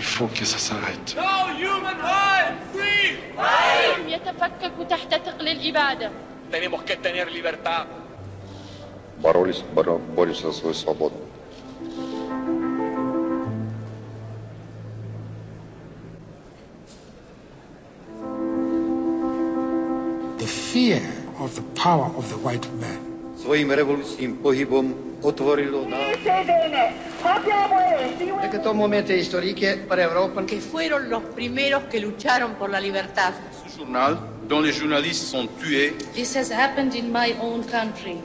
فوكس ساعد no يتفكك تحت ثقل الإبادة تنموك كتنير ليبرتا بوريس سوي صوبوت fear of the power of the white man. Svojim revolučnim pohybom otvorilo na... Nie Es que todo momento histórico para Europa. Que fueron los primeros que lucharon por la libertad. Su jornal, donde los periodistas son tués. This has happened in my own country.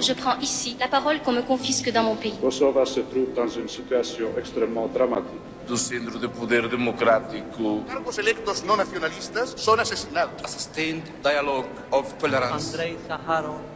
Je prends ici la parole qu'on me confisque dans mon pays. Kosovo se trouve dans une situation extrêmement dramatique. Du centre de pouvoir démocratique. Cargos electos non nacionalistas sont assassinados. A sustained dialogue of tolerance. Andrei Saharov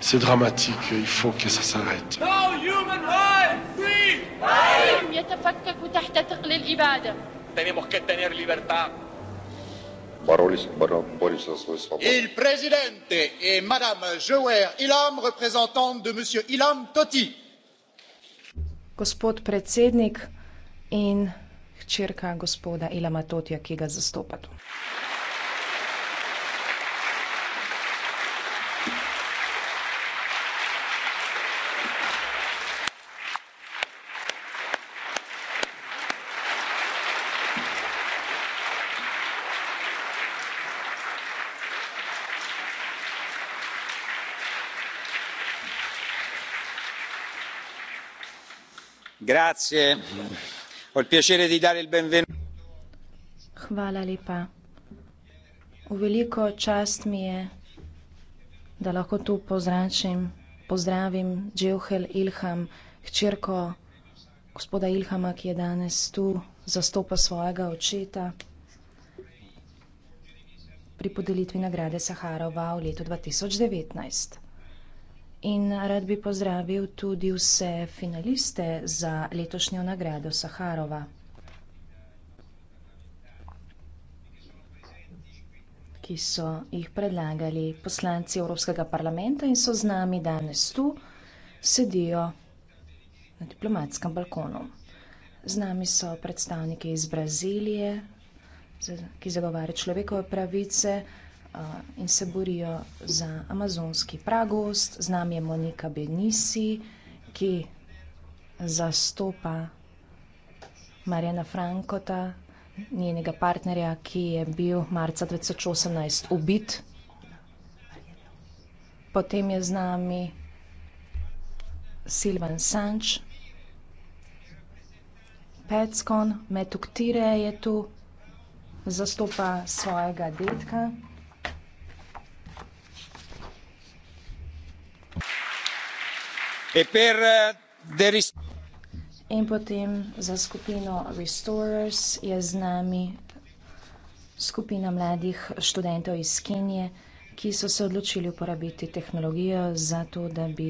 C'est dramatique, il faut que ça s'arrête. No il président et madame Jouer Ilam, représentante de monsieur Ilam Toti. Gospod predsednik in hčerka gospoda Ilama Totija, ki ga zastopate. grazie ho il piacere di dare il benvenuto hvala lepa v veliko čast mi je da lahko tu pozdravim pozdravim džehel ilham hčerko gospoda ilhama ki je danes tu zastopa svojega očeta pri podelitvi nagrade saharova v letu dva tisoč devetnajst in rad bi pozdravil tudi vse finaliste za letošnjo nagrado Saharova, ki so jih predlagali poslanci Evropskega parlamenta in so z nami danes tu, sedijo na diplomatskem balkonu. Z nami so predstavniki iz Brazilije, ki zagovarja človekove pravice, in se borijo za amazonski pragost. Z nami je Monika Benisi, ki zastopa Marjana Frankota, njenega partnerja, ki je bil marca 2018 ubit. Potem je z nami Silvan Sanč, Petskon, Metuktire je tu, zastopa svojega detka. E eh, in potem za skupino Restorers je z nami skupina mladih študentov iz Kenije, ki so se odločili uporabiti tehnologijo za to, da bi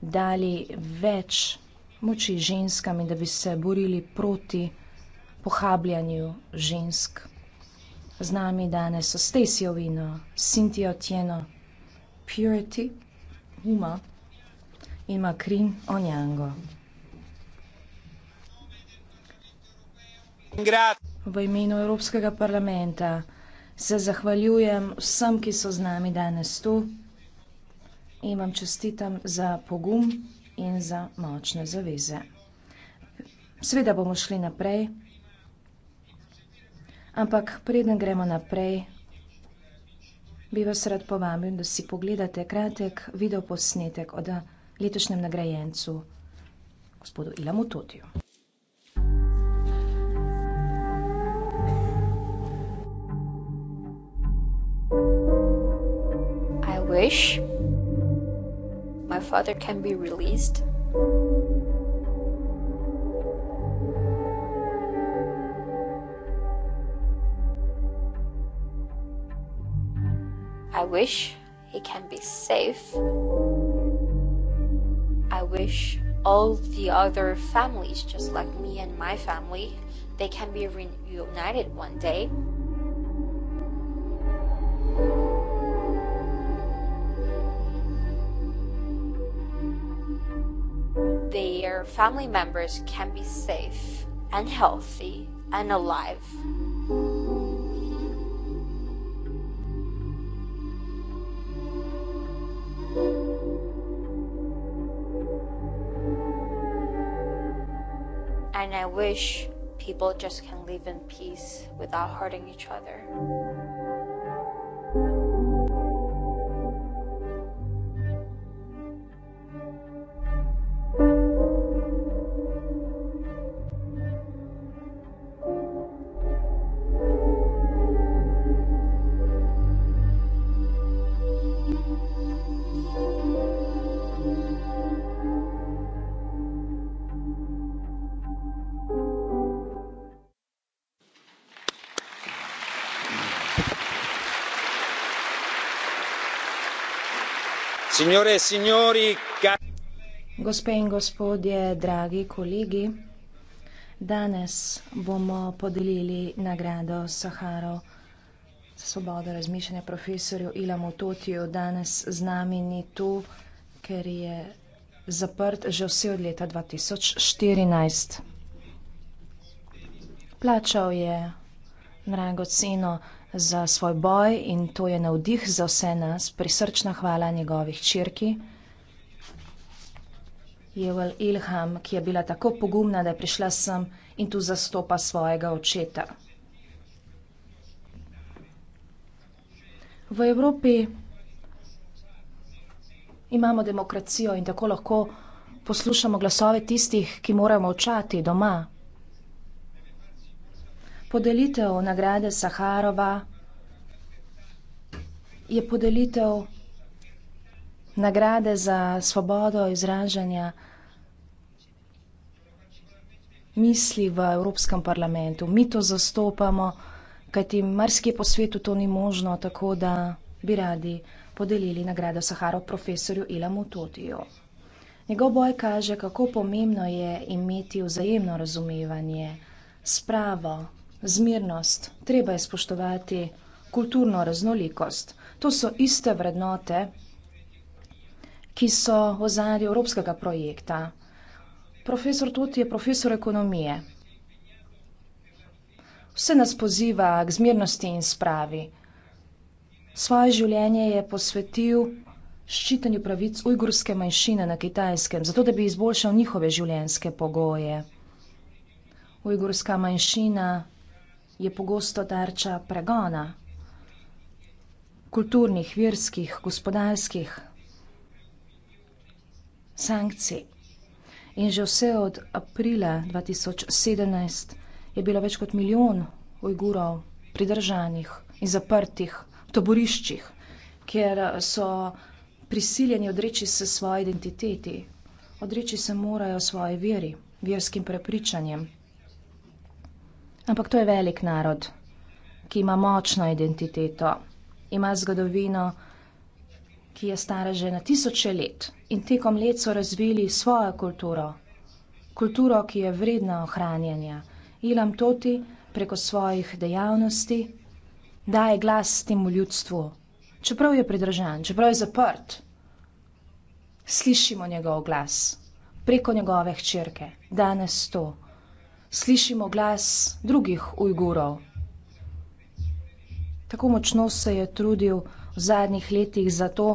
dali več moči ženskam in da bi se borili proti pohabljanju žensk. Z nami danes so Stacy Ovino, Cynthia Tieno, Purity, Uma ima Crin Onyango. V imenu Evropskega parlamenta se zahvaljujem vsem, ki so z nami danes tu in vam čestitam za pogum in za močne zaveze. Sveda bomo šli naprej, ampak preden gremo naprej, bi vas rad povabil, da si pogledate kratek videoposnetek od Evropskega parlamenta letošnjem nagrajencu, gospodu Ilamu Totiju. I wish my father can be released. I wish he can be safe wish all the other families, just like me and my family, they can be reunited one day. Their family members can be safe and healthy and alive. Thank you. and I wish people just can live in peace without hurting each other. Signore e signori, cari... Gospe in gospodje, dragi kolegi, danes bomo podelili nagrado Saharo za svobodo razmišljanja profesorju Ilamu Totiju. Danes z nami ni tu, ker je zaprt že vse od leta 2014. Plačal je drago ceno za svoj boj in to je navdih za vse nas. Prisrčna hvala njegovih črki. Jevel Ilham, ki je bila tako pogumna, da je prišla sem in tu zastopa svojega očeta. V Evropi imamo demokracijo in tako lahko poslušamo glasove tistih, ki moramo očati doma. Podelitev nagrade Saharova je podelitev nagrade za svobodo izražanja misli v Evropskem parlamentu. Mi to zastopamo, kajti marski po svetu to ni možno, tako da bi radi podelili nagrado Saharov profesorju Ilamu Totiju. Njegov boj kaže, kako pomembno je imeti vzajemno razumevanje, spravo, zmirnost, treba je spoštovati kulturno raznolikost. To so iste vrednote, ki so v zadnji evropskega projekta. Profesor Toti je profesor ekonomije. Vse nas poziva k zmirnosti in spravi. Svoje življenje je posvetil ščitanju pravic ujgurske manjšine na kitajskem, zato da bi izboljšal njihove življenjske pogoje. Ujgurska manjšina je pogosto tarča pregona, kulturnih, verskih, gospodarskih sankcij. In že vse od aprila 2017 je bilo več kot milijon Ujgurov pridržanih in zaprtih v taboriščih, kjer eh, so prisiljeni odreči se svoje identiteti, odreči se morajo svoje veri, verskim prepričanjem. Ampak to je velik narod, ki ima močno identiteto, ima zgodovino, ki je stara že na tisoče let in tekom let so razvili svojo kulturo, kulturo, ki je vredna ohranjanja. Ilam Toti preko svojih dejavnosti daje glas temu ljudstvu, čeprav je pridržan, čeprav je zaprt. Slišimo njegov glas preko njegove hčerke, danes to slišimo glas drugih Ujgurov. Tako močno se je trudil v zadnjih letih za to,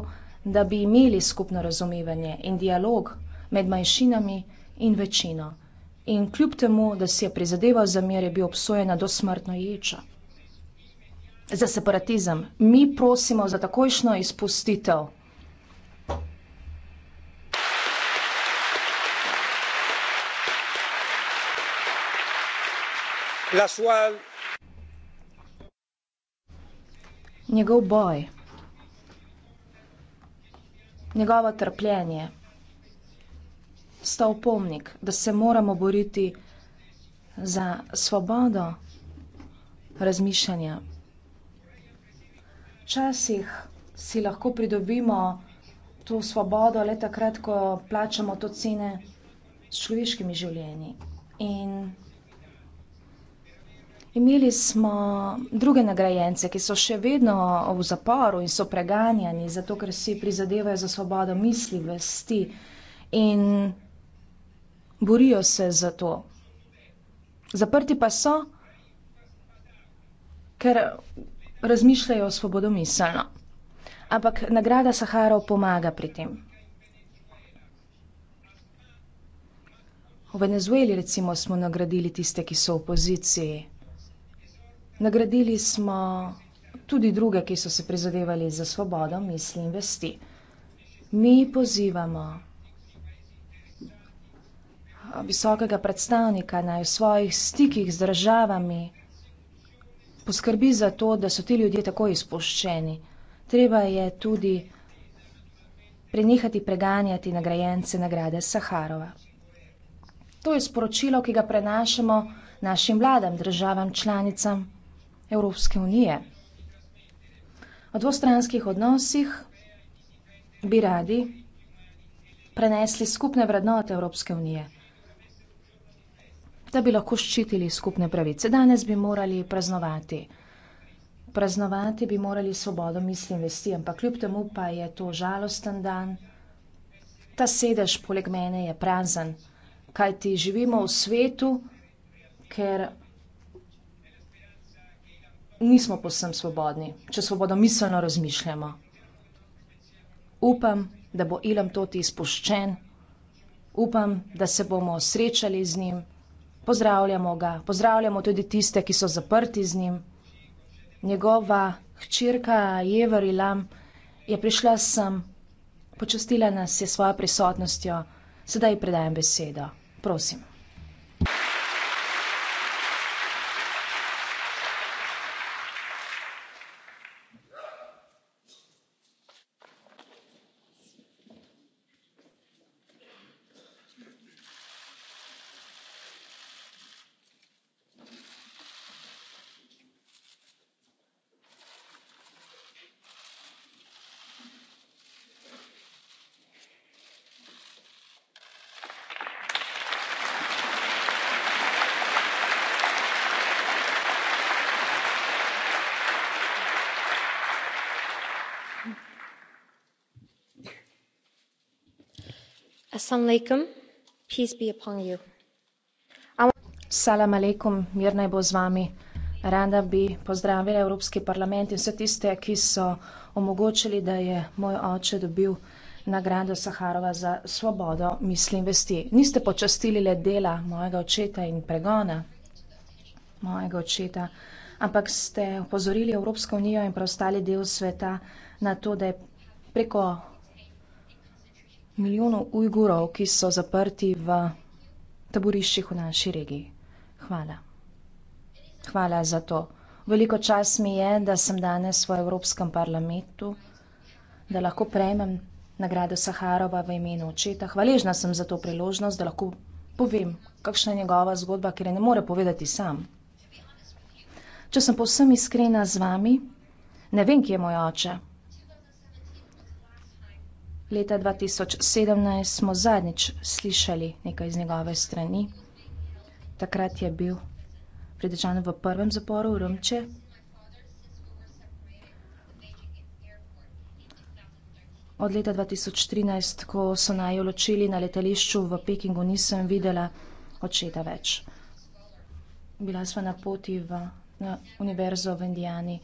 da bi imeli skupno razumevanje in dialog med manjšinami in večino. In kljub temu, da si je prizadeval za mir, je bil obsojen na dosmrtno ječo. Za separatizem mi prosimo za takojšno izpustitev Njegov boj. Njegovo trpljenje sta opomnik, da se moramo boriti za svobodo razmišljanja. Včasih si lahko pridobimo to svobodo le takrat, ko plačamo to cene s človeškimi življenji. In Imeli smo druge nagrajence, ki so še vedno v zaporu in so preganjani zato, ker si prizadevajo za svobodo misli, vesti in borijo se za to. Zaprti pa so, ker razmišljajo svobodomiselno. Ampak nagrada Saharov pomaga pri tem. V Venezueli recimo smo nagradili tiste, ki so v poziciji. Nagradili smo tudi druge, ki so se prizadevali za svobodo misli in vesti. Mi pozivamo visokega predstavnika naj v svojih stikih z državami poskrbi za to, da so ti ljudje tako izpuščeni. Treba je tudi prenehati preganjati nagrajence nagrade Saharova. To je sporočilo, ki ga prenašamo našim vladam, državam, članicam. Evropske unije. O dvostranskih odnosih bi radi prenesli skupne vrednote Evropske unije, da bi lahko ščitili skupne pravice. Danes bi morali praznovati. Praznovati bi morali svobodo misli in vesti, ampak kljub temu pa je to žalosten dan. Ta sedež poleg mene je prazen, kajti živimo v svetu, ker nismo povsem svobodni, če svobodo miselno razmišljamo. Upam, da bo Ilam Toti izpuščen, upam, da se bomo srečali z njim, pozdravljamo ga, pozdravljamo tudi tiste, ki so zaprti z njim. Njegova hčerka Jevar Ilam je prišla sem, počastila nas je svojo prisotnostjo, sedaj ji predajem besedo. Prosim. Salam aleikum, mir naj bo z vami. Rada bi pozdravila Evropski parlament in vse tiste, ki so omogočili, da je moj oče dobil nagrado Saharova za svobodo misli in vesti. Niste počastili le dela mojega očeta in pregona mojega očeta, ampak ste opozorili Evropsko unijo in preostali del sveta na to, da je preko milijonov Ujgurov, ki so zaprti v taboriščih v naši regiji. Hvala. Hvala za to. Veliko čas mi je, da sem danes v Evropskem parlamentu, da lahko prejmem nagrado Saharova v imenu očeta. Hvaležna sem za to priložnost, da lahko povem, kakšna je njegova zgodba, ker je ne more povedati sam. Če sem povsem iskrena z vami, ne vem, kje je moj oče. Leta 2017 smo zadnjič slišali nekaj iz njegove strani. Takrat je bil pridržan v prvem zaporu v Romče. Od leta 2013, ko so naj ločili na letališču v Pekingu, nisem videla očeta več. Bila sva na poti v, na univerzo v Indijani,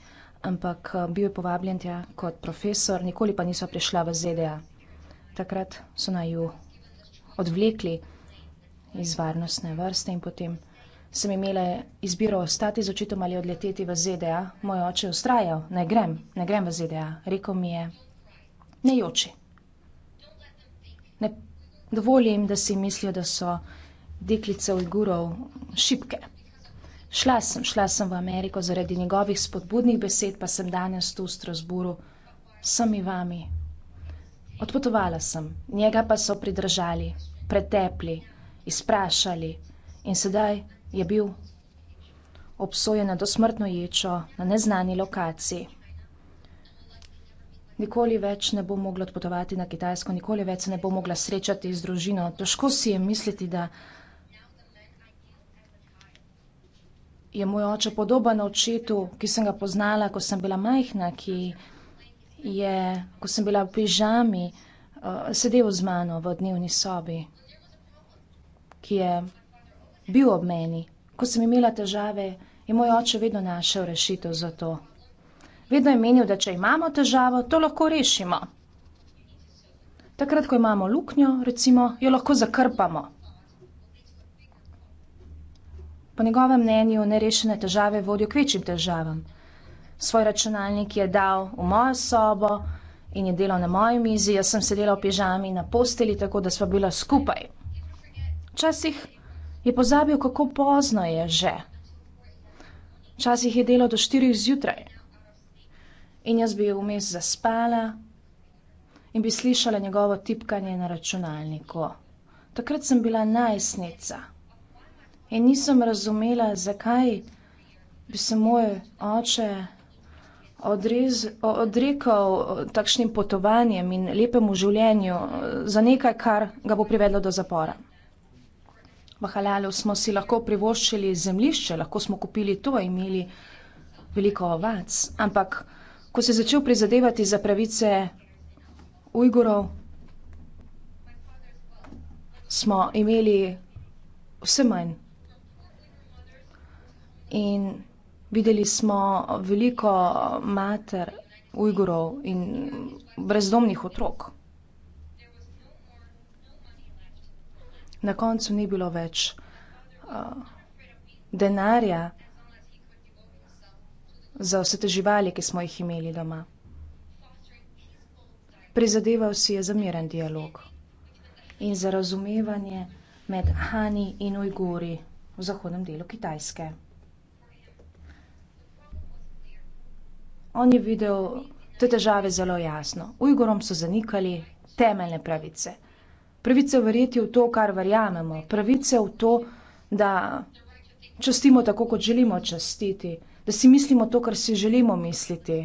ampak bil je povabljen tja kot profesor, nikoli pa nisva prišla v ZDA takrat so naj jo odvlekli iz varnostne vrste in potem sem imela izbiro ostati z očetom ali odleteti v ZDA. Moj oče je ustrajal, ne grem, ne grem v ZDA. Rekl mi je, ne joči. Ne dovolim, da si mislijo, da so deklice Ujgurov šipke. Šla sem, šla sem v Ameriko zaradi njegovih spodbudnih besed, pa sem danes tu v Strasburu, sami vami, Odpotovala sem, njega pa so pridržali, pretepli, izprašali in sedaj je bil obsojen na dosmrtno ječo na neznani lokaciji. Nikoli več ne bo mogla odpotovati na Kitajsko, nikoli več se ne bo mogla srečati z družino. Težko si je misliti, da je moj oče podoben očetu, ki sem ga poznala, ko sem bila majhna, ki je, ko sem bila v pižami, uh, sedel z mano v dnevni sobi, ki je bil ob meni. Ko sem imela težave, je moj oče vedno našel rešitev za to. Vedno je menil, da če imamo težavo, to lahko rešimo. Takrat, ko imamo luknjo, recimo, jo lahko zakrpamo. Po njegovem mnenju nerešene težave vodijo k večjim težavam svoj računalnik je dal v mojo sobo in je delal na moji mizi, jaz sem sedela v pižami na posteli, tako da sva bila skupaj. Včasih je pozabil, kako pozno je že. Včasih je delal do štirih zjutraj. In jaz bi vmes zaspala in bi slišala njegovo tipkanje na računalniku. Takrat sem bila najstnica in nisem razumela, zakaj bi se moj oče odrez, odrekel takšnim potovanjem in lepemu življenju eh, za nekaj, kar ga bo privedlo do zapora. V Halalu smo si lahko privoščili zemlišče, lahko smo kupili to in imeli veliko ovac. Ampak, ko se je začel prizadevati za pravice Ujgurov, smo imeli vse manj. In Videli smo veliko mater Ujgurov in brezdomnih otrok. Na koncu ni bilo več uh, denarja za vse te živali, ki smo jih imeli doma. Prizadeval si je za miren dialog in za razumevanje med Hani in Ujguri v zahodnem delu Kitajske. On je videl te težave zelo jasno. Ujgorom so zanikali temeljne pravice. Pravice verjeti v to, kar verjamemo. Pravice v to, da častimo tako, kot želimo častiti. Da si mislimo to, kar si želimo misliti.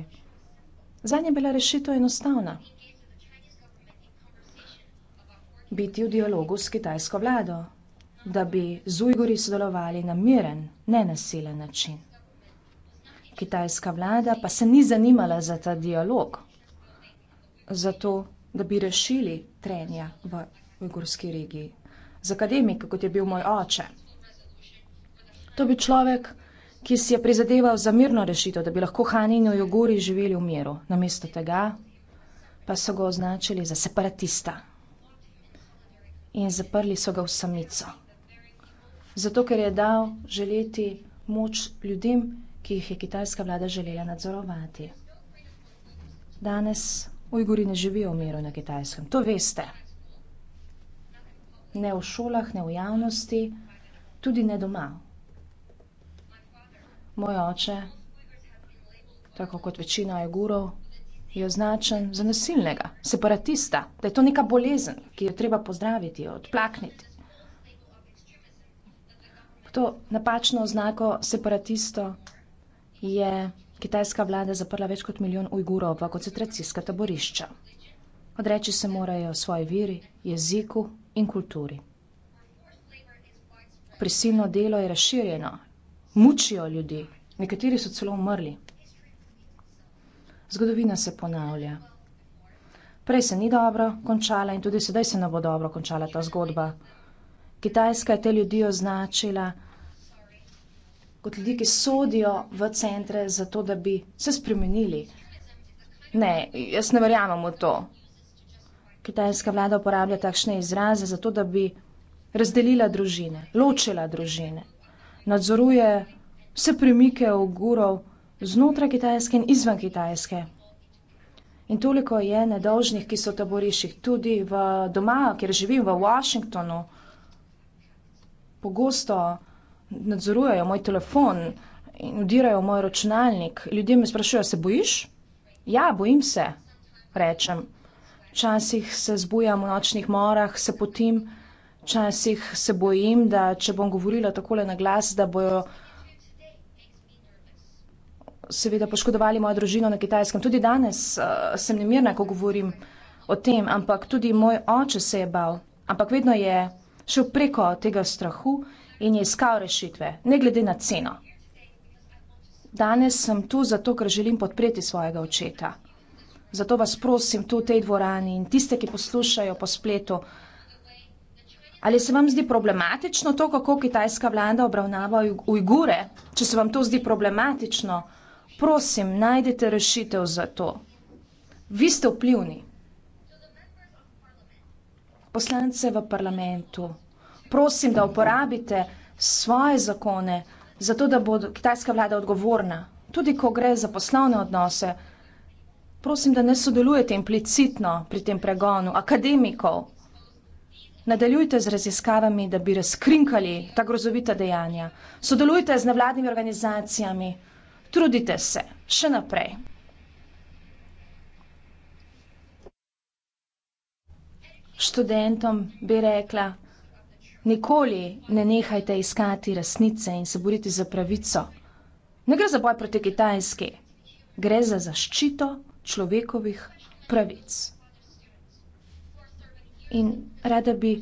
Za nje je bila rešitev enostavna. Biti v dialogu s kitajsko vlado, da bi z Ujgori sodelovali na miren, nenasilen način. Kitajska vlada pa se ni zanimala za ta dialog, za to, da bi rešili trenja v ujgurski regiji. Z akademik, kot je bil moj oče. To bi človek, ki si je prizadeval za mirno rešitev, da bi lahko Hani in Ujguri živeli v miru. Namesto tega pa so ga označili za separatista. In zaprli so ga v samico. Zato, ker je dal želeti moč ljudem, ki jih je kitajska vlada želela nadzorovati. Danes Ujguri ne živijo v miru na kitajskem, to veste. Ne v šolah, ne v javnosti, tudi ne doma. Moj oče, tako kot večina Ujgurov, je označen za nasilnega, separatista, da je to neka bolezen, ki jo treba pozdraviti, odplakniti. To napačno oznako separatisto je kitajska vlada zaprla več kot milijon Ujgurov v koncentracijska taborišča. Odreči se morajo svoji viri, jeziku in kulturi. Prisilno delo je razširjeno, mučijo ljudi, nekateri so celo umrli. Zgodovina se ponavlja. Prej se ni dobro končala in tudi sedaj se ne bo dobro končala ta zgodba. Kitajska je te ljudi označila kot ljudi, ki sodijo v centre, zato da bi se spremenili. Ne, jaz ne verjamem v to. Kitajska vlada uporablja takšne izraze, zato da bi razdelila družine, ločila družine. Nadzoruje vse premike ogurov znotraj Kitajske in izven Kitajske. In toliko je nedolžnih, ki so v taboriših, tudi v doma, kjer živim v Washingtonu, pogosto nadzorujejo moj telefon, nadzorujejo moj računalnik. Ljudje me sprašujejo, se bojiš? Ja, bojim se, rečem. Včasih se zbujam v nočnih morah, se potim, včasih se bojim, da če bom govorila takole na glas, da bojo seveda poškodovali mojo družino na kitajskem. Tudi danes uh, sem nemirna, ko govorim o tem, ampak tudi moj oče se je bal, ampak vedno je šel preko tega strahu in je iskal rešitve, ne glede na ceno. Danes sem tu zato, ker želim podpreti svojega očeta. Zato vas prosim tu v tej dvorani in tiste, ki poslušajo po spletu, ali se vam zdi problematično to, kako kitajska vlada obravnava ujgure, če se vam to zdi problematično, prosim, najdete rešitev za to. Vi ste vplivni. Poslance v parlamentu prosim, da uporabite svoje zakone, zato da bo kitajska vlada odgovorna. Tudi ko gre za poslovne odnose, prosim, da ne sodelujete implicitno pri tem pregonu akademikov. Nadaljujte z raziskavami, da bi razkrinkali ta grozovita dejanja. Sodelujte z nevladnimi organizacijami. Trudite se. Še naprej. Študentom bi rekla, Nikoli ne nehajte iskati resnice in se boriti za pravico. Ne gre za boj proti Kitajski, gre za zaščito človekovih pravic. In rada bi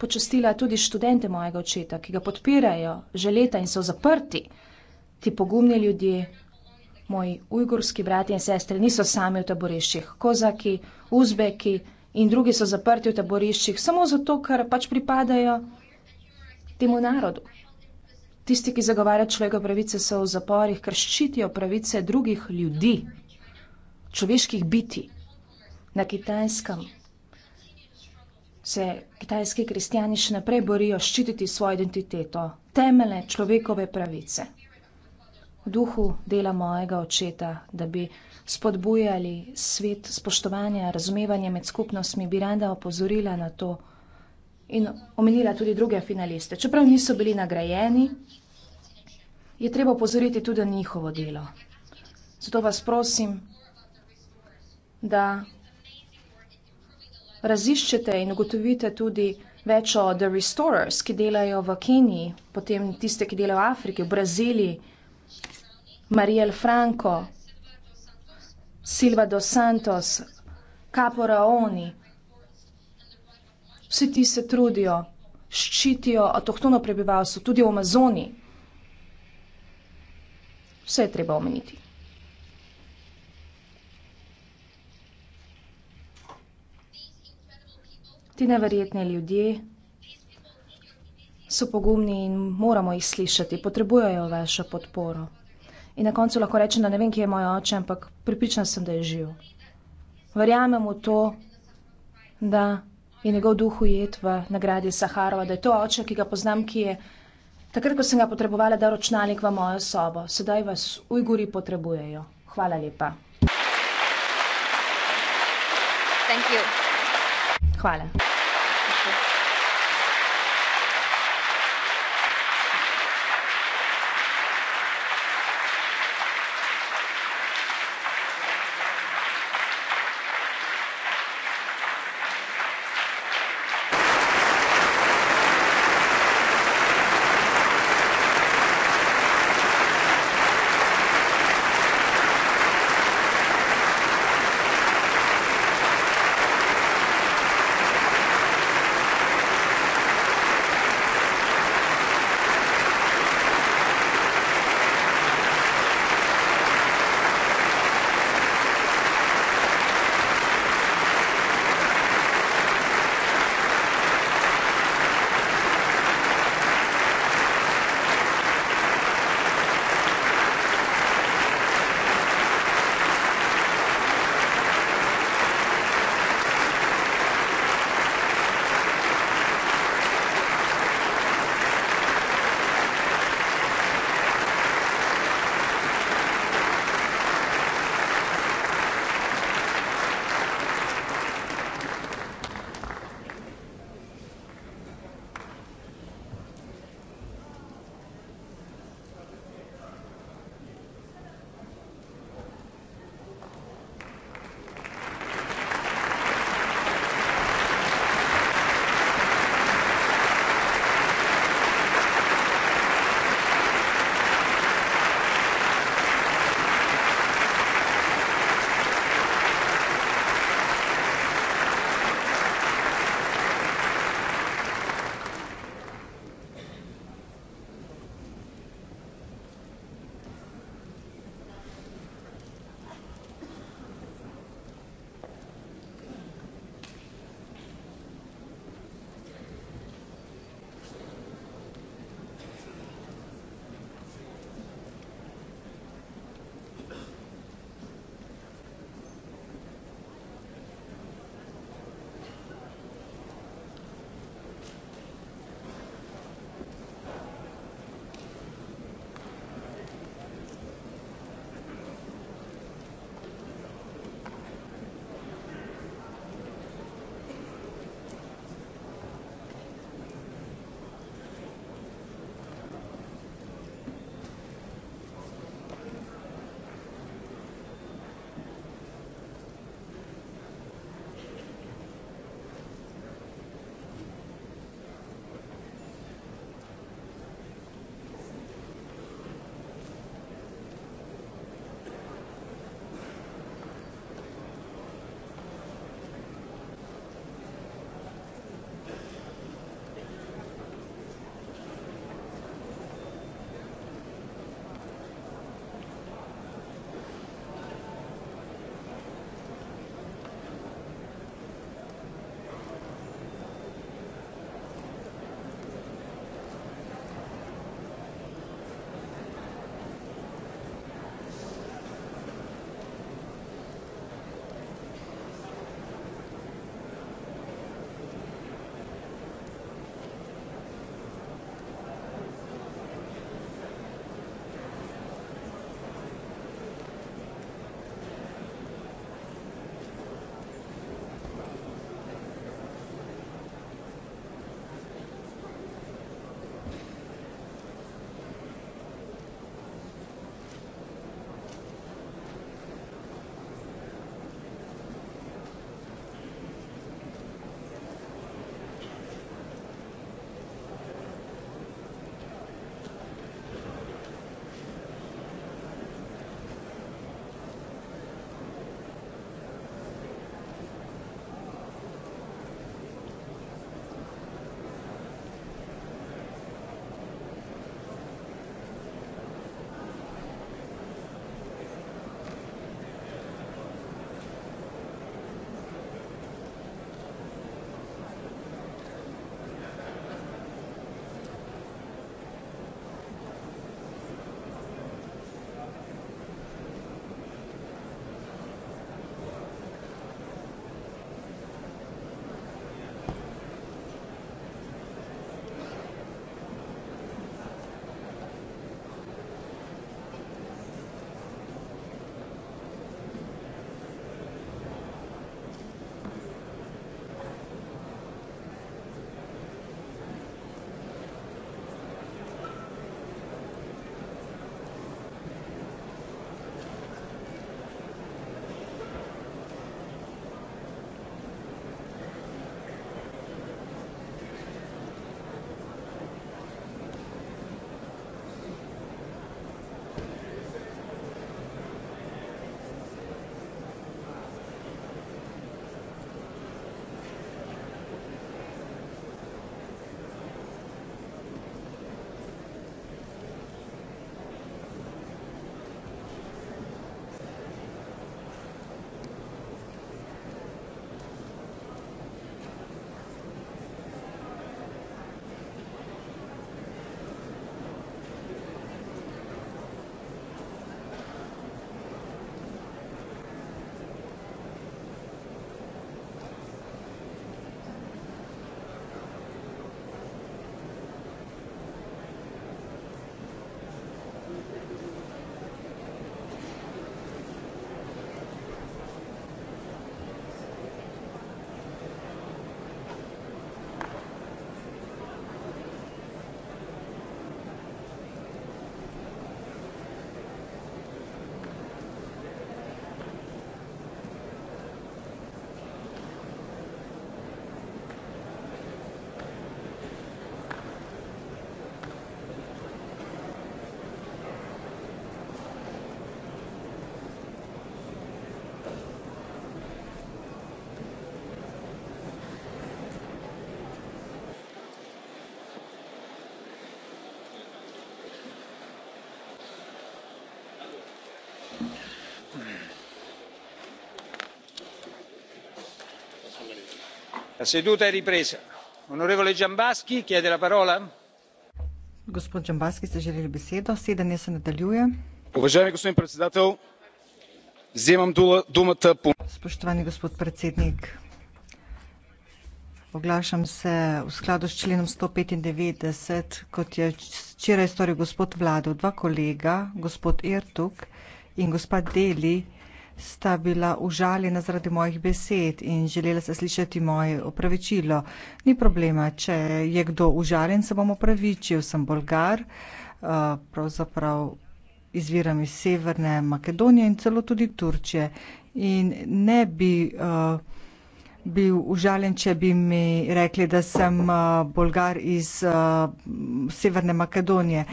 počastila tudi študente mojega očeta, ki ga podpirajo že leta in so zaprti. Ti pogumni ljudje, moji ujgurski bratje in sestre, niso sami v taboriščih. Kozaki, uzbeki, in drugi so zaprti v taboriščih samo zato, ker pač pripadajo temu narodu. Tisti, ki zagovarjajo človekove pravice, so v zaporih, ker ščitijo pravice drugih ljudi, človeških biti. Na kitajskem se kitajski kristijani še naprej borijo ščititi svojo identiteto, temele človekove pravice. V duhu dela mojega očeta, da bi spodbujali svet spoštovanja, razumevanja med skupnostmi, bi rada opozorila na to in omenila tudi druge finaliste. Čeprav niso bili nagrajeni, je treba opozoriti tudi na njihovo delo. Zato vas prosim, da raziščete in ugotovite tudi več o The Restorers, ki delajo v Keniji, potem tiste, ki delajo v Afriki, v Braziliji, Mariel Franco, Silva dos Santos, Capo Raoni, vsi ti se trudijo, ščitijo avtohtono prebivalstvo, tudi v Amazoni. Vse je treba omeniti. Ti neverjetni ljudje so pogumni in moramo jih slišati, potrebujejo vašo podporo. In na koncu lahko rečem, da ne vem, kje je moj oče, ampak pripričan sem, da je živ. Verjamem v to, da je njegov duh ujet v nagradi Saharova, da je to oče, ki ga poznam, ki je takrat, ko sem ga potrebovala, da ročnalnik v mojo sobo. Sedaj vas ujguri potrebujejo. Hvala lepa. Thank you. Hvala. seduta è ripresa. onorevole dzhambazki chiede la parola. gospod dzhambazki ste želeli besedo sedenje se nadaljuje. уважаемый господин председатель вземам думата по. spoštovani gospod predsednik oglašam se v skladu s členom sto petindevetdeset kot je včeraj storil gospod vlado dva kolega gospod ertug in gospa delli sta bila užaljena zaradi mojih besed in želela sta slišati moje opravičilo. Ni problema, če je kdo užaljen, se bom opravičil, sem bolgar, eh, pravzaprav izviram iz Severne Makedonije in celo tudi Turčije. In ne bi eh, bil užaljen, če bi mi rekli, da sem eh, bolgar iz Severne Makedonije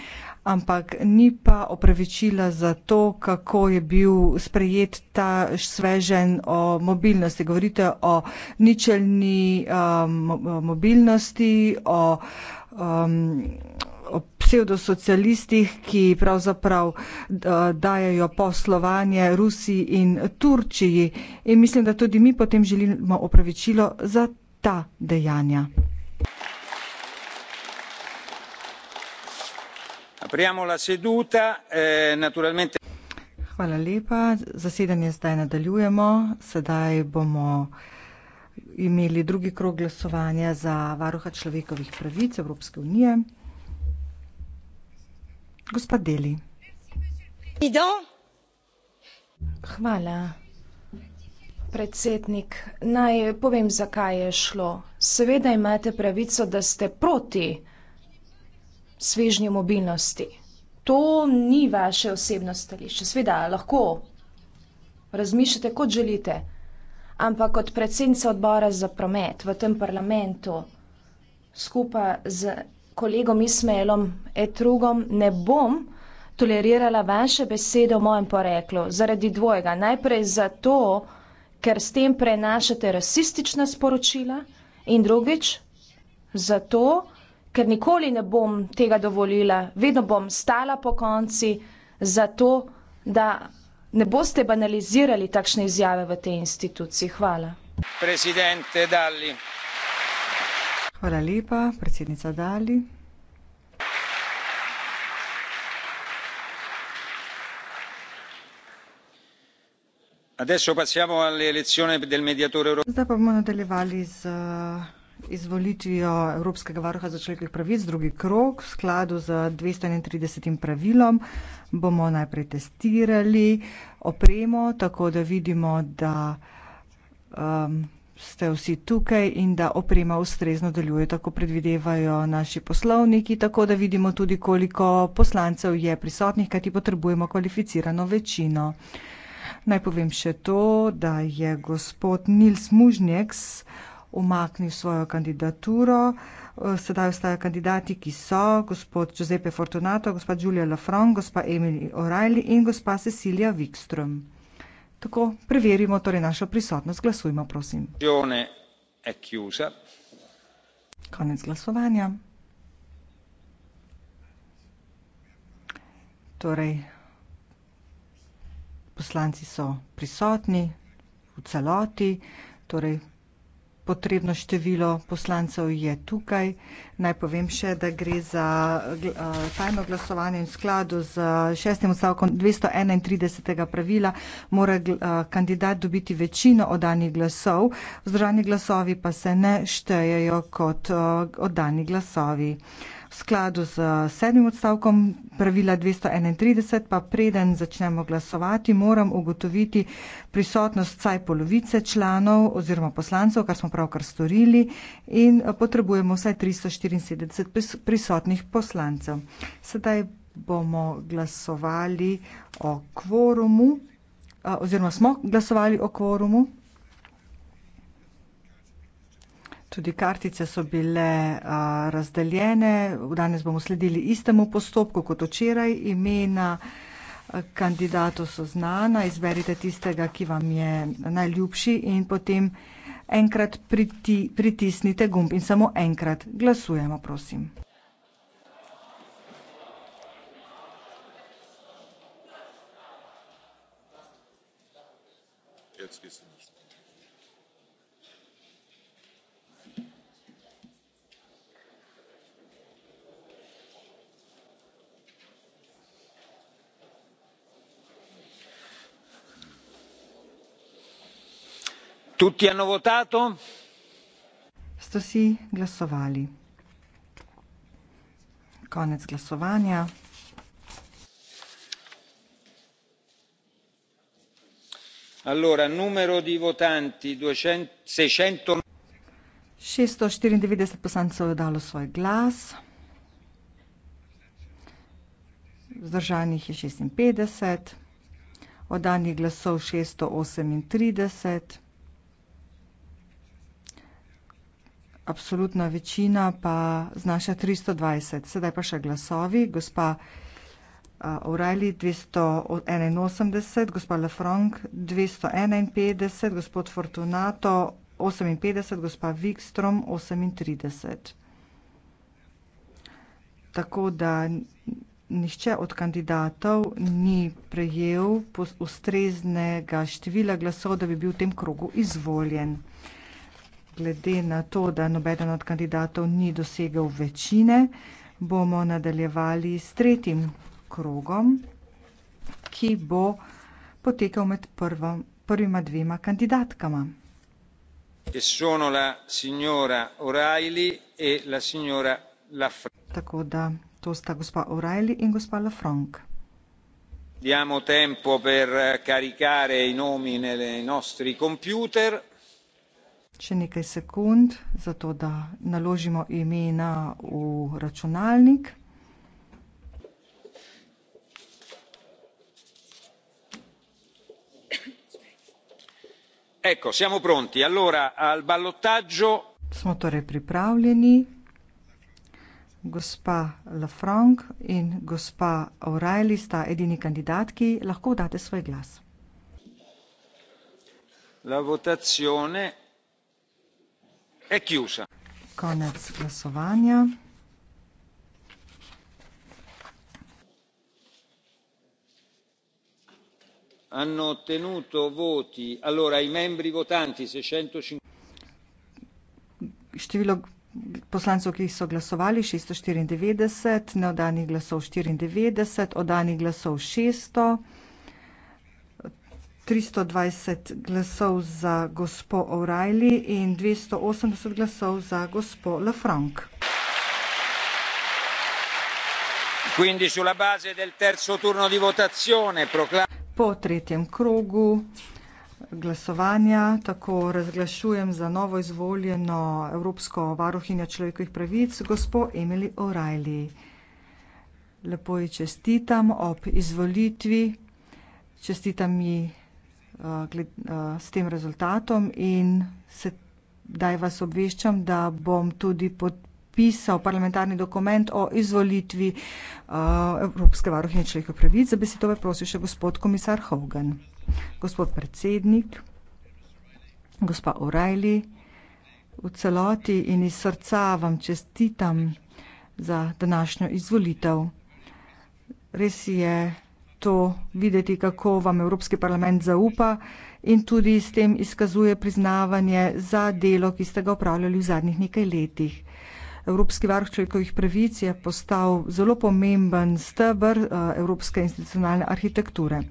ampak ni pa opravičila za to, kako je bil sprejet ta svežen o mobilnosti. Govorite o ničelni um, mobilnosti, o, um, o psevdosocialistih, ki pravzaprav dajajo poslovanje Rusiji in Turčiji. In mislim, da tudi mi potem želimo opravičilo za ta dejanja. apriamo la seduta eh, naturalmente Hvala lepa. Zasedanje zdaj nadaljujemo. Sedaj bomo imeli drugi krog glasovanja za varuha človekovih pravic Evropske unije. Gospod Deli. Hvala, predsednik. Naj povem, zakaj je šlo. Seveda imate pravico, da ste proti svežnje mobilnosti. To ni vaše osebno stališče. Sveda, lahko razmišljate, kot želite, ampak kot predsednica odbora za promet v tem parlamentu skupaj z kolegom Ismelom Etrugom ne bom tolerirala vaše besede o mojem poreklu zaradi dvojega. Najprej zato, ker s tem prenašate rasistična sporočila in drugič zato, ker ker nikoli ne bom tega dovolila, vedno bom stala po konci za to, da ne boste banalizirali takšne izjave v tej instituciji. Hvala. Hvala lepa, predsednica Dali. Zdaj pa bomo nadaljevali z izvolitvijo Evropskega varuha za človekovih pravic, drugi krok, v skladu z 231. pravilom, bomo najprej testirali opremo, tako da vidimo, da um, ste vsi tukaj in da oprema ustrezno deluje, tako predvidevajo naši poslovniki, tako da vidimo tudi, koliko poslancev je prisotnih, kajti potrebujemo kvalificirano večino. Naj povem še to, da je gospod Nils Mužnjeks umaknil svojo kandidaturo. Eh, sedaj ostajajo kandidati, ki so gospod Giuseppe Fortunato, gospa Giulia Lafron, gospa Emily O'Reilly in gospa Cecilia Wikström. Tako, preverimo torej našo prisotnost. Glasujmo, prosim. Konec glasovanja. Torej, poslanci so prisotni v celoti, torej potrebno število poslancev je tukaj. Naj povem še, da gre za tajno glasovanje in skladu z šestim odstavkom 231. pravila mora kandidat dobiti večino oddanih glasov, vzdržani glasovi pa se ne štejejo kot oddani glasovi. V skladu z sedmim odstavkom pravila 231 pa preden začnemo glasovati, moram ugotoviti prisotnost vsaj polovice članov oziroma poslancev, kar smo pravkar storili, in potrebujemo vsaj 374 prisotnih poslancev. Sedaj bomo glasovali o kvorumu, oziroma smo glasovali o kvorumu. Tudi kartice so bile a, razdeljene. Danes bomo sledili istemu postopku kot včeraj. Imena kandidatov so znana. Izberite tistega, ki vam je najljubši in potem enkrat priti, pritisnite gumb in samo enkrat glasujemo, prosim. Jetzt ist tutti hanno votato? Sto sì glasovali. Konec glasovanja. Allora, numero di votanti 200, 600. 694 poslancev je dalo svoj glas, vzdržanih je 56, oddanih glasov 638. absolutna večina pa znaša 320. Sedaj pa še glasovi. Gospa Aureli 281, gospa Lefranc 251, gospod Fortunato 58, gospa Wikstrom 38. Tako da nihče od kandidatov ni prejel ustreznega števila glasov, da bi bil v tem krogu izvoljen glede na to, da nobeden od kandidatov ni dosegel večine, bomo nadaljevali s tretjim krogom, ki bo potekal med prvo, prvima dvema kandidatkama. E Tako da to sta gospa O'Reilly in gospa Lafranc. Diamo tempo per caricare i nomi nei nostri computer še nekaj sekund, zato da naložimo imena v računalnik. Ecco, siamo pronti. Allora, al ballottaggio. Smo torej pripravljeni. Gospa Lafranc in gospa O'Reilly sta edini kandidatki. Lahko date svoj glas. La votazione è chiusa. Konec glasovanja. Hanno ottenuto voti. Allora, i membri votanti 650. Število poslancev, ki so glasovali 694, neodanih glasov 94, odanih glasov 600. 320 glasov za gospo O'Reilly in 280 glasov za gospo Lefranc. Po tretjem krogu glasovanja tako razglašujem za novo izvoljeno Evropsko varuhinjo človekovih pravic gospo Emily O'Reilly. Lepo ji čestitam ob izvolitvi, čestitam ji uh, gled, uh, s tem rezultatom in se daj vas obveščam, da bom tudi podpisal parlamentarni dokument o izvolitvi uh, Evropske varohinje človekovih pravic. Za besedo bi prosil še gospod komisar Hogan. Gospod predsednik, gospa O'Reilly, v celoti in iz srca vam čestitam za današnjo izvolitev. Res je to videti, kako vam Evropski parlament zaupa in tudi s tem izkazuje priznavanje za delo, ki ste ga upravljali v zadnjih nekaj letih. Evropski varuh človekovih pravic je postal zelo pomemben stebr eh, evropske institucionalne arhitekture.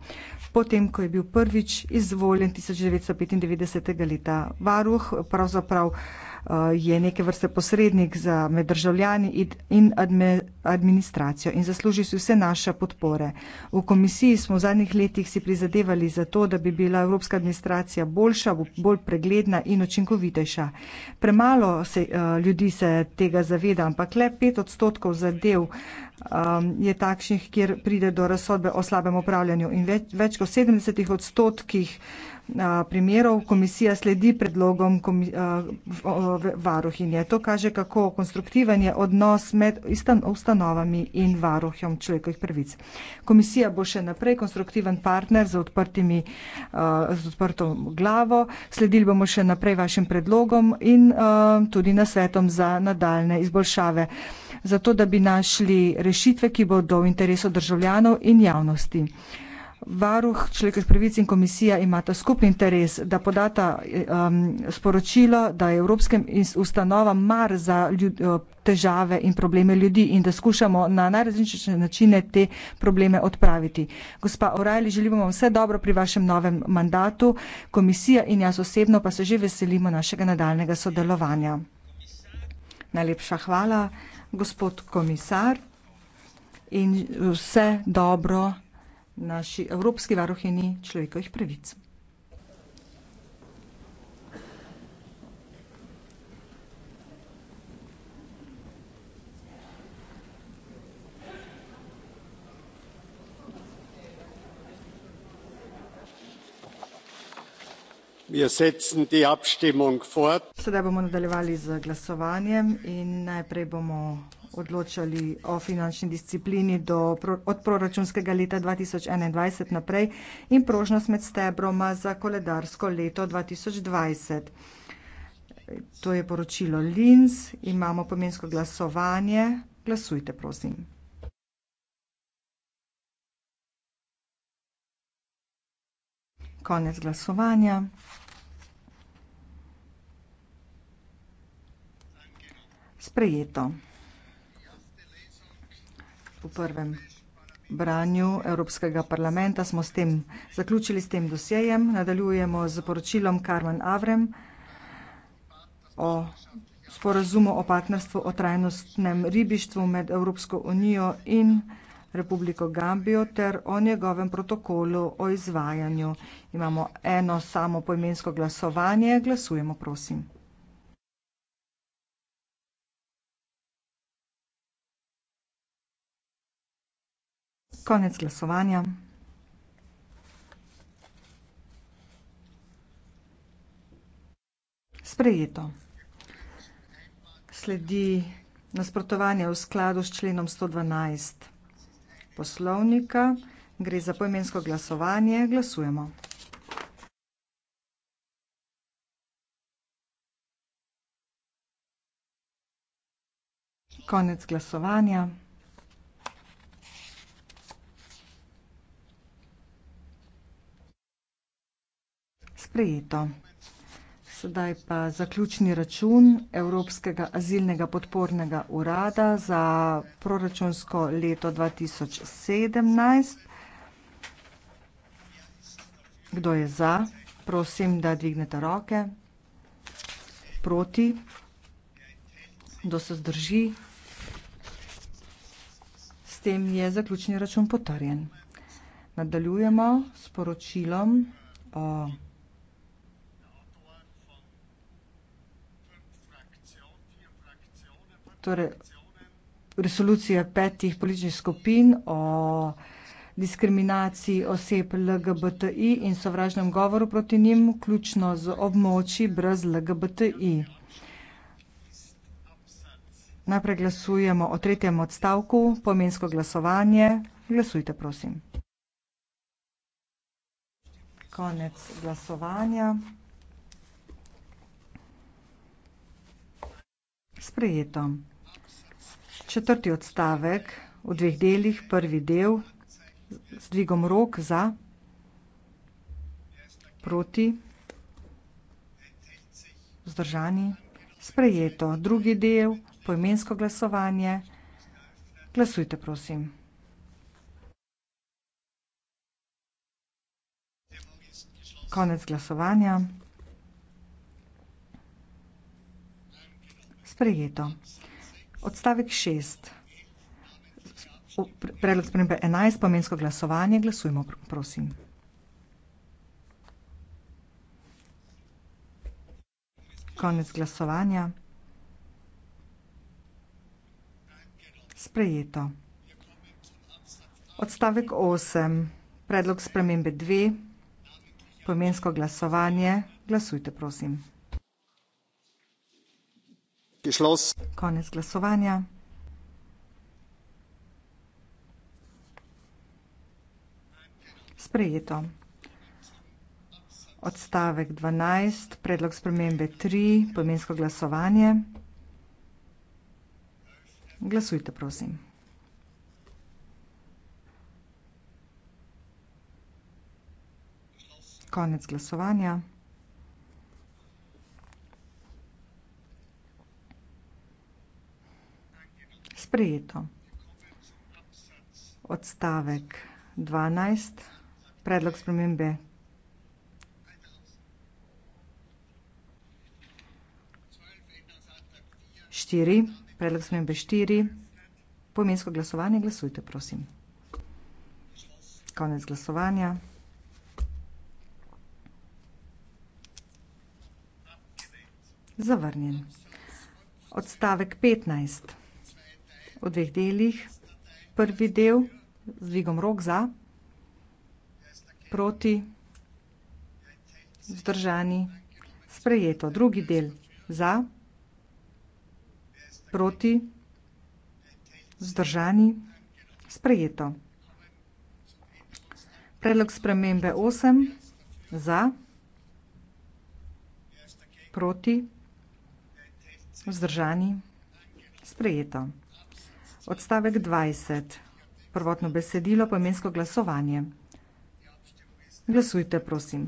Potem, ko je bil prvič izvoljen 1995. leta varuh, pravzaprav Eh, je neke vrste posrednik za med državljani in administracijo in zasluži si vse naše podpore. V komisiji smo v zadnjih letih si prizadevali za to, da bi bila evropska administracija boljša, bolj pregledna in učinkovitejša. Premalo se, eh, ljudi se tega zaveda, ampak le pet odstotkov zadev um, je takšnih, kjer pride do razsodbe o slabem upravljanju in več, več kot sedemdesetih odstotkih primerov komisija sledi predlogom varuhinje. To kaže, kako konstruktiven je odnos med ustanovami in varuhom človekovih prvic. Komisija bo še naprej konstruktiven partner z, odprtimi, z odprto glavo. Sledili bomo še naprej vašim predlogom in tudi nasvetom za nadaljne izboljšave. Zato, da bi našli rešitve, ki bodo v interesu državljanov in javnosti. Uh, varuh človekovih pravic in komisija imata skupni interes, da podata um, sporočilo, da je Evropskem ustanovam mar za ljud, uh, težave in probleme ljudi in da skušamo na najrazličnejše načine te probleme odpraviti. Gospa Orajli, želimo vam vse dobro pri vašem novem mandatu. Komisija in jaz osebno pa se že veselimo našega nadaljnega sodelovanja. Najlepša hvala, gospod komisar. In vse dobro naši evropski varohini človekovih pravic. Sedaj bomo nadaljevali z glasovanjem in najprej bomo odločali o finančni disciplini do, od proračunskega leta 2021 naprej in prožnost med stebroma za koledarsko leto 2020. To je poročilo Linz, imamo pomensko glasovanje. Glasujte, prosim. Konec glasovanja. Sprejeto po prvem branju Evropskega parlamenta. Smo s tem zaključili s tem dosjejem. Nadaljujemo z poročilom Carmen Avrem o sporazumu o partnerstvu o trajnostnem ribištvu med Evropsko unijo in Republiko Gambijo ter o njegovem protokolu o izvajanju. Imamo eno samo poimensko glasovanje. Glasujemo, prosim. Konec glasovanja. Sprejeto. Sledi nasprotovanje v skladu s členom 112 poslovnika. Gre za poimensko glasovanje. Glasujemo. Konec glasovanja. sprejeto. Sedaj pa zaključni račun Evropskega azilnega podpornega urada za proračunsko leto 2017. Kdo je za? Prosim, da dvignete roke. Proti? Kdo se zdrži? S tem je zaključni račun potrjen. Nadaljujemo s poročilom o torej resolucije petih političnih skupin o diskriminaciji oseb LGBTI in sovražnem govoru proti njim, vključno z območji brez LGBTI. Najprej glasujemo o tretjem odstavku, poimensko glasovanje. Glasujte, prosim. Konec glasovanja. Sprejeto. Četrti odstavek v dveh delih, prvi del z dvigom rok za, proti, vzdržani, sprejeto. Drugi del, poimensko glasovanje. Glasujte, prosim. Konec glasovanja. Sprejeto. Odstavek šest. Predlog spremembe enajst, pomensko glasovanje, glasujmo, prosim. Konec glasovanja. Sprejeto. Odstavek osem. Predlog spremembe dve, pomensko glasovanje, glasujte, prosim. Konec glasovanja. Sprejeto. Odstavek 12, predlog spremembe 3, pomensko glasovanje. Glasujte, prosim. Konec glasovanja. sprejeto. Odstavek dvanajst, predlog spremembe. Štiri, predlog spremembe štiri, poimensko glasovanje, glasujte, prosim. Konec glasovanja. Zavrnjen. Odstavek petnajst v dveh delih. Prvi del z dvigom rok za, proti, vzdržani, sprejeto. Drugi del za, proti, vzdržani, sprejeto. Predlog spremembe osem za, proti, vzdržani, sprejeto. Odstavek 20. Prvotno besedilo, pomensko glasovanje. Glasujte, prosim.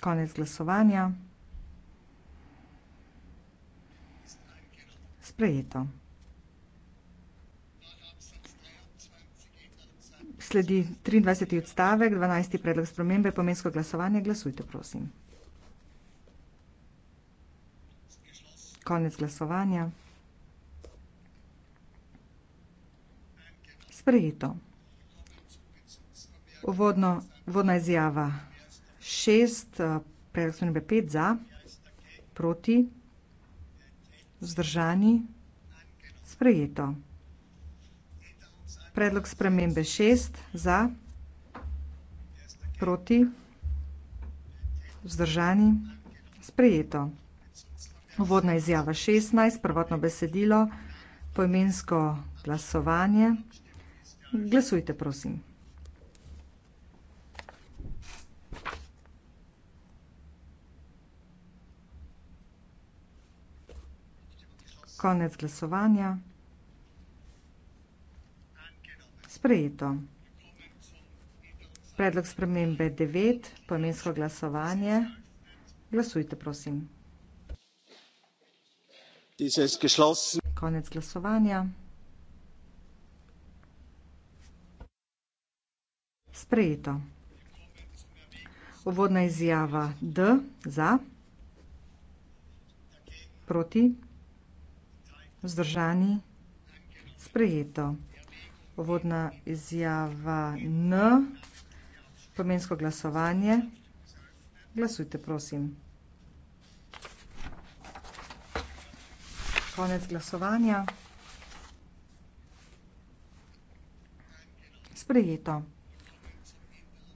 Konec glasovanja. Sprejeto. Sledi 23. odstavek, 12. predlog spremembe, pomensko glasovanje. Glasujte, prosim. konec glasovanja. Sprejeto. Uvodno, uvodna izjava šest, eh, predlog spremembe pet za, proti, vzdržani, sprejeto. Predlog spremembe šest za, proti, vzdržani, sprejeto. Uvodna izjava 16, prvotno besedilo, poimensko glasovanje. Glasujte, prosim. Konec glasovanja. Sprejeto. Predlog spremembe 9, poimensko glasovanje. Glasujte, prosim konec glasovanja sprejeto uvodna izjava d za proti vzdržani sprejeto uvodna izjava n pomensko glasovanje glasujte prosim Konec glasovanja. Sprejeto.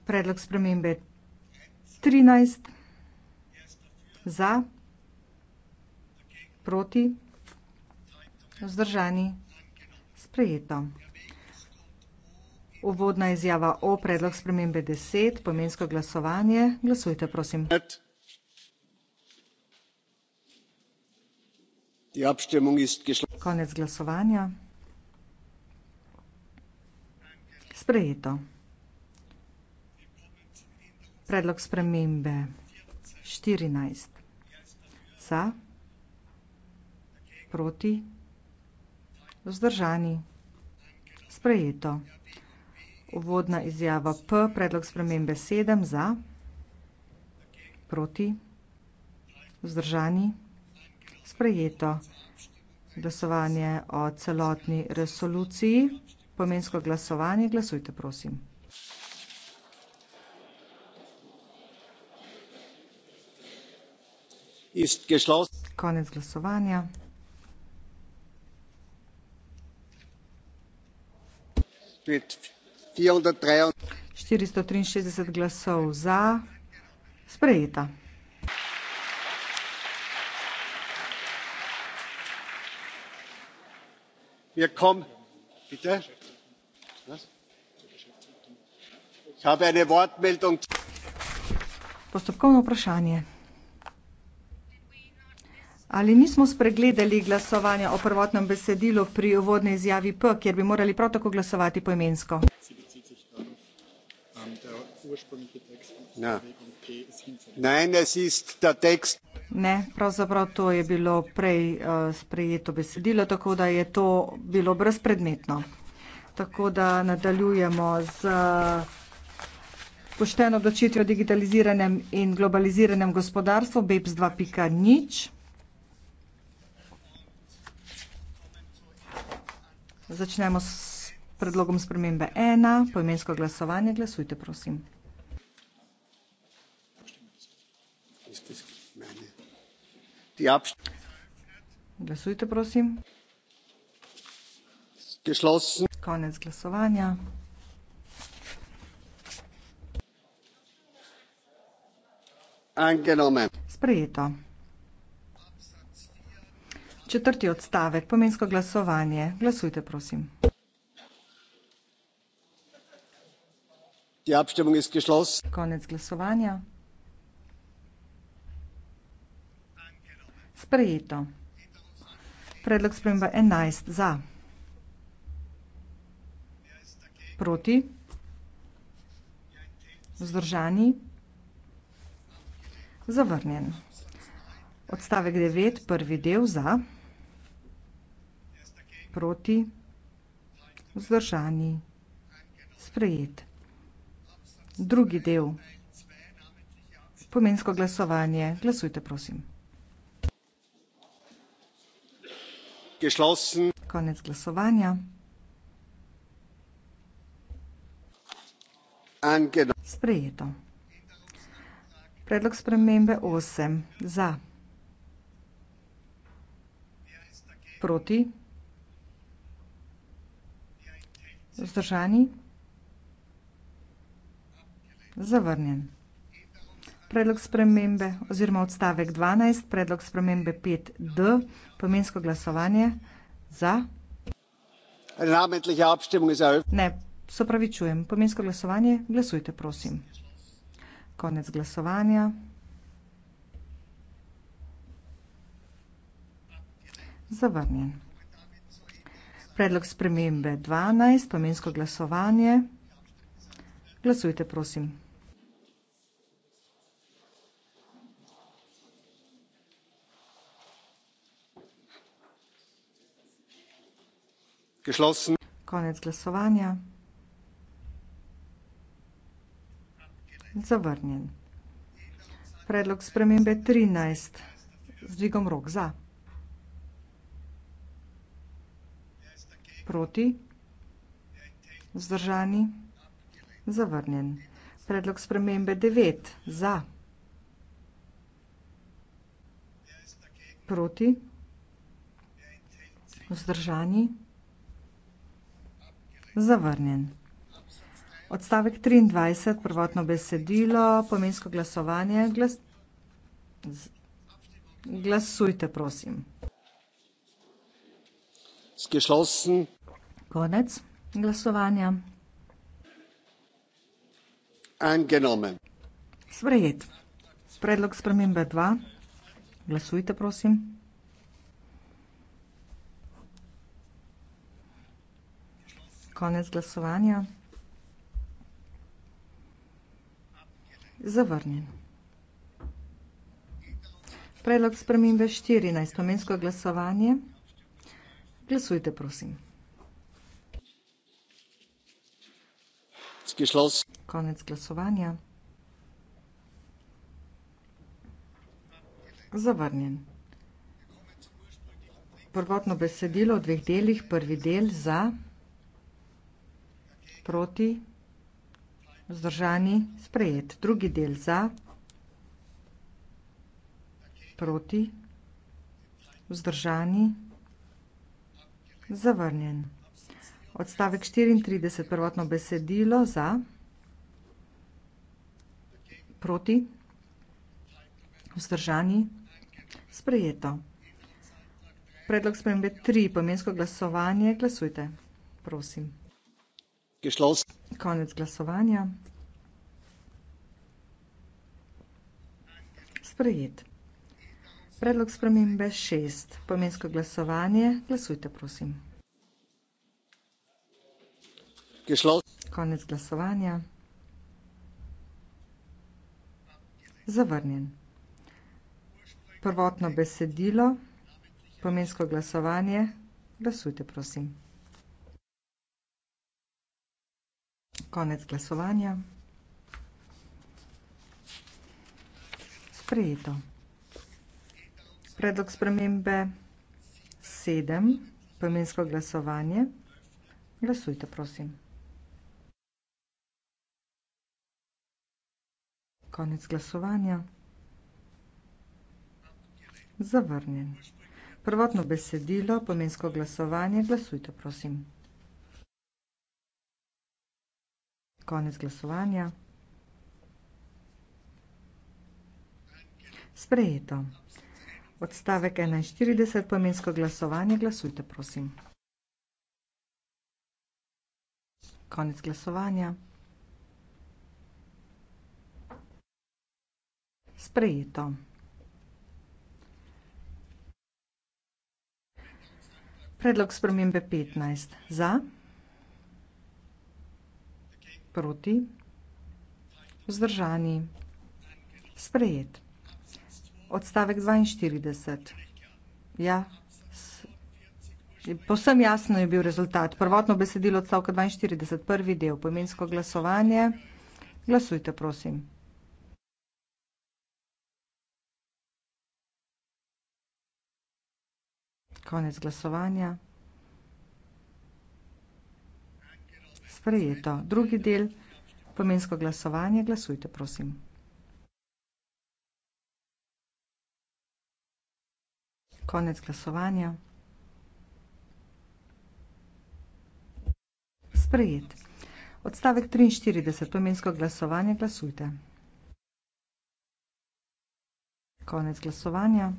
Predlog spremembe 13. Za. Proti. Vzdržani. Sprejeto. Uvodna izjava o predlog spremembe 10. Pomensko glasovanje. Glasujte, prosim. 10. konec glasovanja sprejeto predlog spremembe štirinajst za proti vzdržani sprejeto uvodna izjava p predlog spremembe sedem za proti vzdržani sprejeto glasovanje o celotni resoluciji. Pomensko glasovanje, glasujte prosim. Konec glasovanja. štiristo triinšestdeset glasov za, sprejeta. Ja, postopkovno vprašanje ali nismo spregledali glasovanja o prvotnem besedilu pri uvodni izjavi p kjer bi morali prav tako glasovati poimensko? Nein, es ist der Text. Ne, pravzaprav to je bilo prej uh, sprejeto besedilo, tako da je to bilo brezpredmetno. Tako da nadaljujemo z uh, pošteno odločitvijo o digitaliziranem in globaliziranem gospodarstvu BEPS 2.0. Začnemo s predlogom spremembe 1, poimensko glasovanje. Glasujte, prosim. glasujte prosim konec glasovanja sprejeto četrti odstavek pomensko glasovanje glasujte prosim konec glasovanja Sprejeto. Predlog sprememba enajst za. Proti. Vzdržani. Zavrnjen. Odstavek devet, prvi del za. Proti. Vzdržani. Sprejet. Drugi del. Pomensko glasovanje. Glasujte, prosim. konec glasovanja sprejeto predlog spremembe osem za proti vzdržani zavrnjen predlog spremembe oziroma odstavek 12, predlog spremembe 5D, pomensko glasovanje za. Ne, so pravi čujem, pomensko glasovanje, glasujte prosim. Konec glasovanja. Zavrnjen. Predlog spremembe 12, pomensko glasovanje, glasujte prosim. konec glasovanja zavrnjen predlog spremembe trinajst z dvigom rok za proti vzdržani zavrnjen predlog spremembe devet za proti vzdržani Zavrnjen. Odstavek 23, prvotno besedilo, pomensko glasovanje. Glas... Z... Glasujte, prosim. Skišlosen. Konec glasovanja. Angenomen. Sprejet. Predlog spremembe 2. Glasujte, prosim. Konec glasovanja. Zavrnjen. Predlog spremembe 14. Omensko glasovanje. Glasujte, prosim. Konec glasovanja. Zavrnjen. Prvotno besedilo v dveh delih, prvi del za proti? Vzdržani, sprejet. Drugi del za. Proti. Vzdržani. Zavrnjen. Odstavek 34, prvotno besedilo za. Proti. Vzdržani. Sprejeto. Predlog spremembe 3, pomensko glasovanje, glasujte. Prosim geschlossen. Konec glasovanja. Sprejet. Predlog spremembe 6. Pomensko glasovanje. Glasujte, prosim. Geschlossen. Konec glasovanja. Zavrnjen. Prvotno besedilo. Pomensko glasovanje. Glasujte, prosim. Konec glasovanja. Sprejeto. Predlog spremembe sedem, pomensko glasovanje. Glasujte, prosim. Konec glasovanja. Zavrnjen. Prvotno besedilo, pomensko glasovanje. Glasujte, prosim. Konec glasovanja. Sprejeto. Odstavek 41, pomensko glasovanje. Glasujte, prosim. Konec glasovanja. Sprejeto. Predlog spremembe 15. Za proti vzdržani sprejet odstavek 42 ja Posem jasno je bil rezultat. Prvotno besedilo odstavka 42, prvi del, pomensko glasovanje. Glasujte, prosim. Konec glasovanja. sprejeto. Drugi del, pomensko glasovanje, glasujte, prosim. Konec glasovanja. Sprejet. Odstavek 43, pomensko glasovanje, glasujte. Konec glasovanja.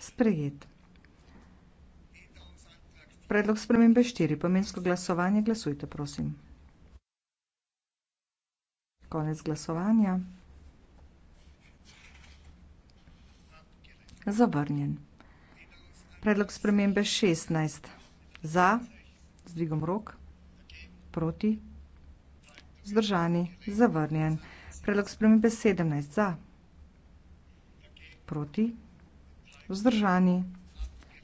Sprejet. Predlog spremembe štiri, pomensko glasovanje, glasujte, prosim. Konec glasovanja. Zavrnjen. Predlog spremembe 16. Za. Zdvigom rok. Proti. Zdržani. Zavrnjen. Predlog spremembe 17. Za. Proti. Zdržani.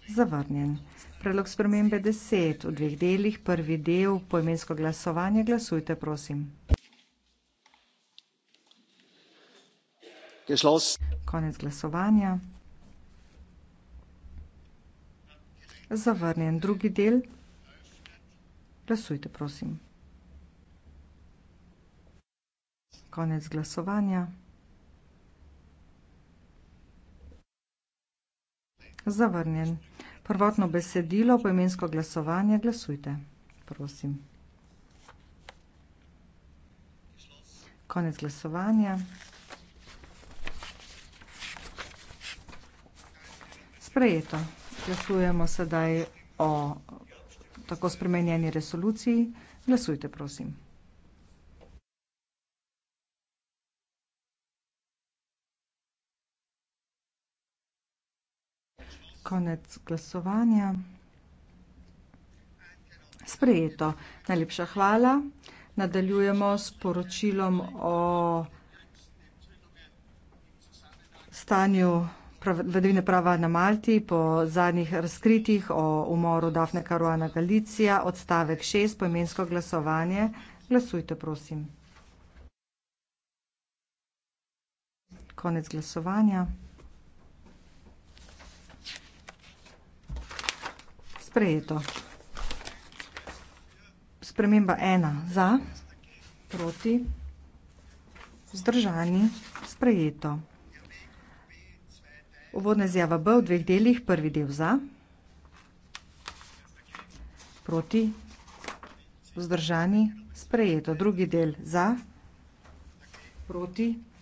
Zavrnjen. Predlog spremembe deset v dveh delih, prvi del poimensko glasovanje, glasujte, prosim. Konec glasovanja. Zavrnjen drugi del. Glasujte, prosim. Konec glasovanja. Zavrnjen. Prvotno besedilo, poimensko glasovanje, glasujte. Prosim. Konec glasovanja. Sprejeto. Glasujemo sedaj o tako spremenjeni resoluciji. Glasujte, prosim. konec glasovanja. Sprejeto. Najlepša hvala. Nadaljujemo s poročilom o stanju vladavine prava na Malti po zadnjih razkritjih o umoru Dafne Karuana Galicija, odstavek 6, poimensko glasovanje. Glasujte, prosim. Konec glasovanja. sprejeto. Sprememba ena za, proti, vzdržani, sprejeto. Uvodna izjava B v dveh delih, prvi del za, proti, vzdržani, sprejeto. Drugi del za, proti, vzdržani, sprejeto.